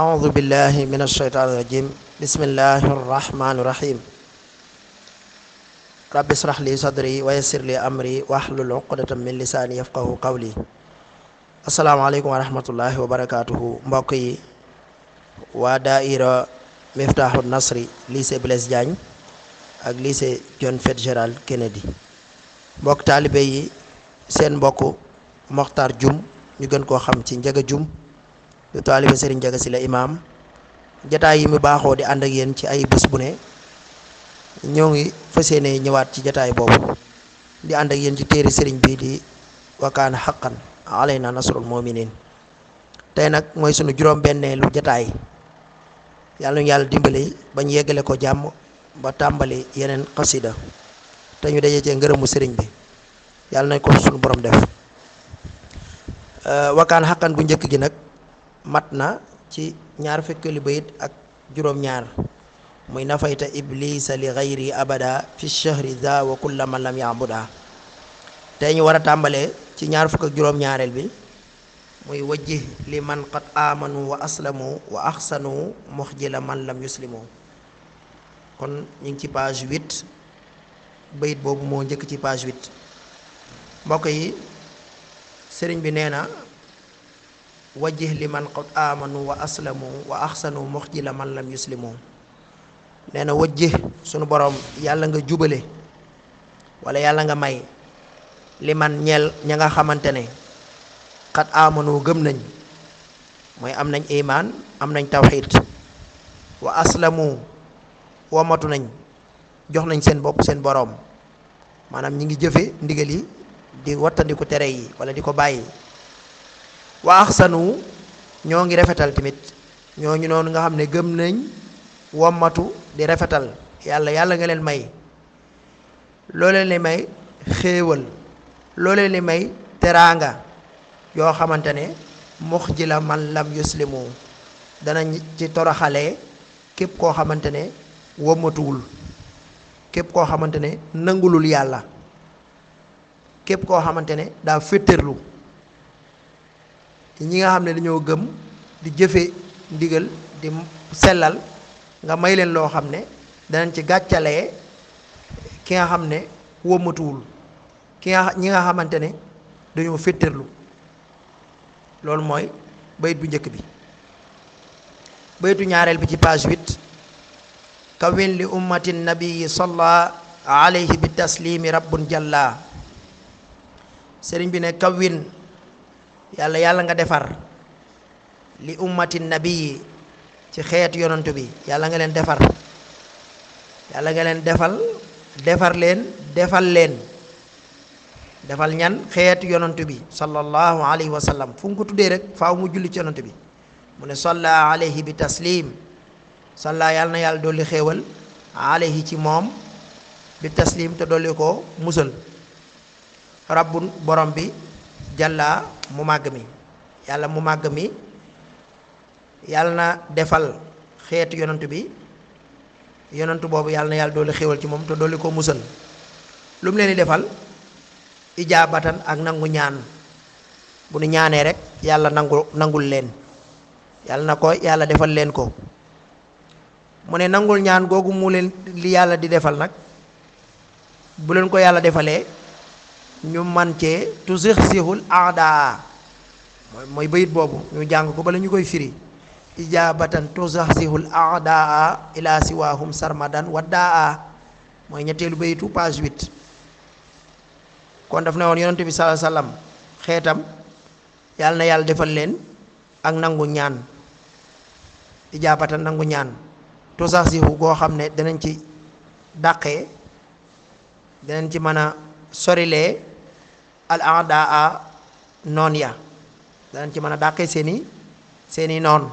أعوذ بالله من الشيطان الرجيم بسم الله الرحمن الرحيم رب اشرح لي صدري ويسر لي أمري واحلل عقدة من لساني يفقه قولي asalaamaaleykum wa rahmatullahi wa barakaatuhu mbokk yi waa daaira Miftahul Nasri lycée Blaise ak lycée John Fitzgerald Kennedy mbokk taalibe yi seen mbokk Mokhtar Dioum ñu gën koo xam ci Ndiaga Dioum du taaliba Serigne Ndiaga Sylla imaam jataay yi mu baaxoo di ànd ak yéen ci ay bés bu ne ñoo ngi fas yéene ñëwaat ci jataay boobu di ànd ak yéen ci téere sëriñ bi di wakaan xaqan alayna nasrul mu'minin tey nag mooy sunu juróom-benneelu jataay yàlla ñu yàlla dimbali ba ñu yeggale ko jàmm ba tàmbali yeneen xasida te ñu dajee cee ngërëmu sëriñ bi yàlla nañ ko sunu borom def wakaan xaqan bu njëkk gi nag. mat na ci ñaar fekkeelu bayit ak juróom-ñaar muy nafayta iblisa li gayri abada fi shahri za wa kulla man lam yaabuda tey ñu war a tàmbalee ci ñaar fukk ak juróom-ñaareel bi muy wajjih li man qad amanu wa aslamu wa axsanu muxjila man lam yuslimu kon ñu ngi ci page 8 bayit boobu moo njëkk ci page 8 mbokk yi sëriñ bi nee na wajih li man qad amanu wa aslamu wa axsanu muxji la man lam yuslimu nee na wajih sunu boroom yàlla nga jubale wala yàlla nga may li man ñeel ña nga xamante ne qad amanu gëm nañ mooy am nañ imaan am nañ tawxiid wa aslamu womatu nañ jox nañ seen bopp seen boroom maanaam ñi ngi jëfe ndigal yi di wattandiku tere yi wala di ko bàyyi wa axsanu ñoo ngi rafetal tamit ñooñu noonu nga xam ne gëm nañ wommatu di rafetal yàlla yàlla nga leen may loo leen li may xéewal loo leen li may teraanga yoo xamante ne mux ji la man lam yuslimu danañ ci toroxalee képp koo xamante ne wommatuwul képp koo xamante ne nangulul yàlla képp koo xamante ne daa féttéerlu ñi nga xam ne dañoo gëm di jëfe ndigal di sellal nga may leen loo xam ne danañ ci gàccalee ki nga xam ne womatuwul ki nga ñi nga xamante ne dañoo féttarlu loolu mooy bayit bu njëkk bi baytu ñaareel bi ci page 8 kawin li ummati nabii salla alayhi bi taslimi rabbun jalla sëriñ bi ne kawin yàlla yàlla nga defar li ummati nabii ci xeet yonantu bi yàlla nga leen defar yàlla nga leen defal defar leen defal leen defal ñan xeetu yonantu bi sallallahu alayhi wa sallam fu nga ko tuddee rek faw mu julli ci yonantu bi mu ne salla alayhi bi taslim salla yàlla na yàlla dolli xéewal alayhi ci moom bi taslim te dolli ko musal rabbun borom bi jàlla mu màgg mi yàlla mu màgg mi yàlla na defal xeet yonant bi yonant boobu yàlla na yàlla doole xéwal ci moom te doole ko musal lu mu leen di defal ijaabatan ak nangu ñaan bu nu ñaanee rek yàlla nangu nangul leen yàlla na ko yàlla defal leen ko mu ne nangul ñaan googu mu leen li yàlla di defal nag bu leen ko yàlla defalee ñu man cee tusix sixul aada mooy mooy bayit boobu ñu jàng ko bala ñu koy firi ijabatan tusix sixul adaa ila siwahum sarmadan wa daa mooy ñetteelu bayitu page 8 kon daf na woon yonente bi salaa xeetam yàlla na yàlla defal leen ak nangu ñaan ijaabata nangu ñaan tusax sihu goo xam ne danañ ci dàqee danañ ci mën a sorilee al aadaa noon ya danañ ci mën a dàqee seeni seeni noon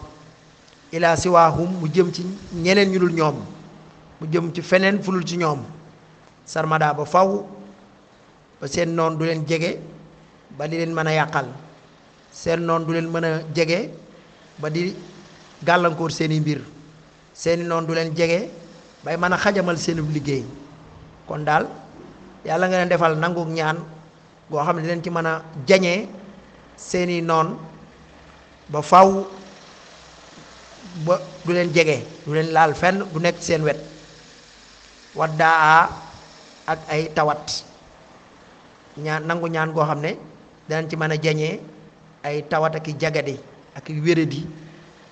ilaa siwaahum mu jëm ci ñeneen ñu dul ñoom mu jëm ci feneen fulul ci ñoom sarmada ba faw ba seen noon du leen jege ba di leen mën a yàqal seen noon du leen mën a jege ba di gàllankoor seeni mbir seeni noon du leen jege bay mën a xajamal seenu liggéey kon daal yàlla nga leen defal nangu ñaan goo xam ne leen ci mën a jañee seeni noon ba faw ba du leen jege du leen laal fenn du nekk seen wet waddaa ak ay tawat ñaan nangu ñaan goo xam ne danañ ci mën a jañee ay tawat ak i jagadi ak i wéradi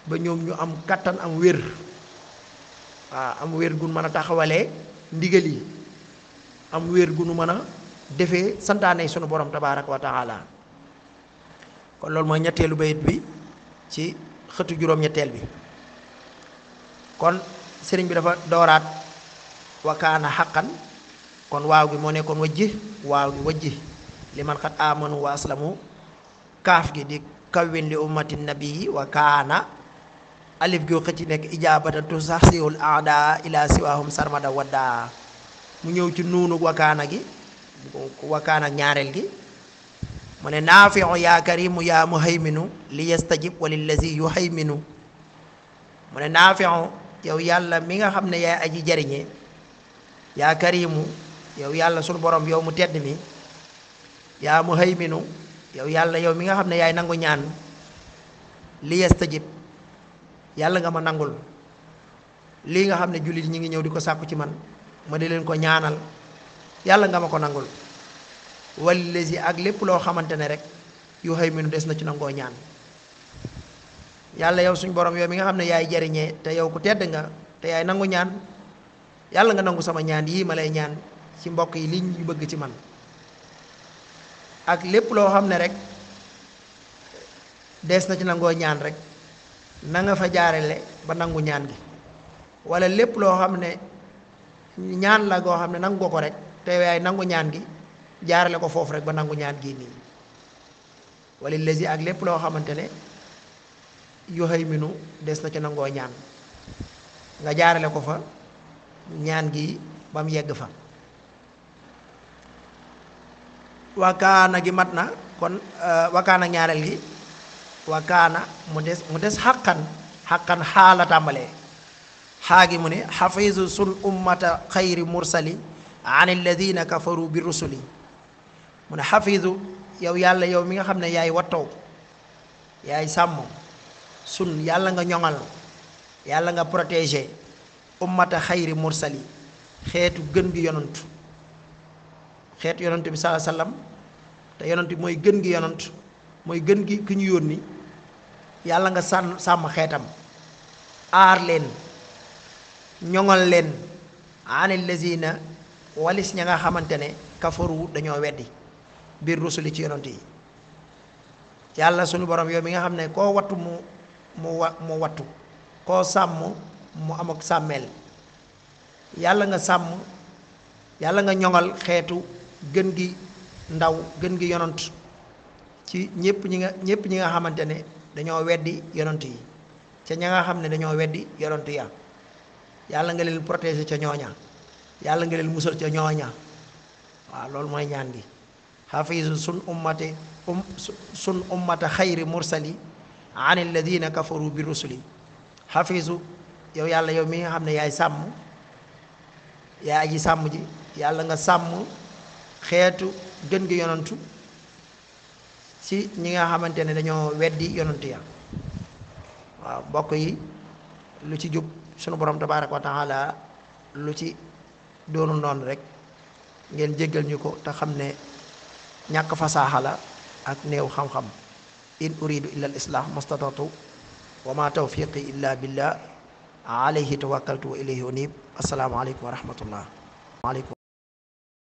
ba ñoom ñu am kàttan am wér waaw am wér gu nu mën a taxawalee ndigal yi am wér gu nu mën a defee santaane sunu borom tabaaraka wa taala kon loolu mooy ñetteelu bayit bi ci xëtu juróom-ñetteel bi kon sëriñ bi dafa dooraat wakaana xaqan kon waaw gi moo nekkoon wajji waaw gi wajji li man xat amanu wa aslamu kaaf gi di kawwin li ummati nabii wa kaana alif gi xëcc nekk ijaabata tu sax siwul aada ila siwahum sarmada wadda mu ñëw ci nuunu wakaana gi donc wakaana ñaareel gi mu ne naafiu yaa karimu yaa muhayminu li yastajib walillazi yuhayminu mu ne naafiu yow yàlla mi nga xam ne yaay aji jariñe yaa karimu yow yàlla sunu borom yow mu tedd mi yaa yow yàlla yow mi nga xam ne yaay nangu ñaan li yastajib yàlla nga ma nangul lii nga xam ne jullit ñi ngi ñëw di ko sàkku ci man ma di ko ñaanal yàlla nga ma ko nangul wallazi ak lépp loo xamante ne rek yu xëy minu des na ci nangoo ñaan yàlla yow suñu borom yow mi nga xam ne yaay jariñee te yow ku tedd nga te yaay nangu ñaan yàlla nga nangu sama ñaan yii ma lay ñaan ci mbokk yi li ñu bëgg ci man ak lépp loo xam ne rek des na ci nangoo ñaan rek na nga fa jaarale ba nangu ñaan gi walla lépp loo xam ne ñaan la goo xam ne nangu ko rek tey waaye nangu ñaan gi jaarale ko foofu rek ba nangu ñaan gi nii wala lési ak lépp loo xamante ne yoxey minu des na ci nangoo ñaan nga jaarale ko fa ñaan gi ba yegg fa wakaana gi mat na kon euh, wakaana ñaareel gi wakaana mu des mu des xaqan xaqan xaala tàmbalee gi mu ne xafisu sun ummata xayri mursali an alladina kafaru bi rusuli mu ne xafidu yow yàlla yow mi nga xam ne yaay wattaw yaay sàmm sun yàlla nga ñoŋal yàlla nga protégé ummata xayri mursali xeetu gën gi yonant xeet yonant bi salaa sallam te yonant bi mooy gën gi yonant mooy gën gi ki ñu yónni yàlla nga sànn sàmm xeetam aar leen ñoŋal leen an allazina walis ña nga xamante ne kafaru dañoo weddi biir rusuli ci yonent yi yàlla suñu borom yow mi nga xam ne koo wattu mu mu wa mu wattu koo sàmm mu am ak sàmmeel yàlla nga sàmm yàlla nga ñoŋal xeetu gën gi ndaw gën gi yonant ci ñépp ñi nga ñépp ñi nga xamante ne dañoo weddi yonant yi ca ña nga xam ne dañoo weddi yonant ya yàlla nga leen protéger ca ñooña yàlla nga leen musal ca ñooña waaw loolu mooy ñaan gi xafisu sun ummate um sun ummata xayri mursali an alladina kafaru bi rusuli xafisu yow yàlla yow mi nga xam ne yaay sàmm yaay aji sàmm ji yàlla nga sàmm xeetu gën gi yonantu si ñi nga xamante ne dañoo weddi yonantu ya waaw mbokk yi lu ci jub sunu borom tabaaraka wa lu ci doonu noonu rek ngeen jéggal ñu ko te xam ne ñàkk fasaaxa la ak néew xam-xam in uridu illa al islah mastatatu wa ma tawfiqi illa billah alayhi tawakkaltu wa ilayhi unib assalaamu aleykum wa rahmatullah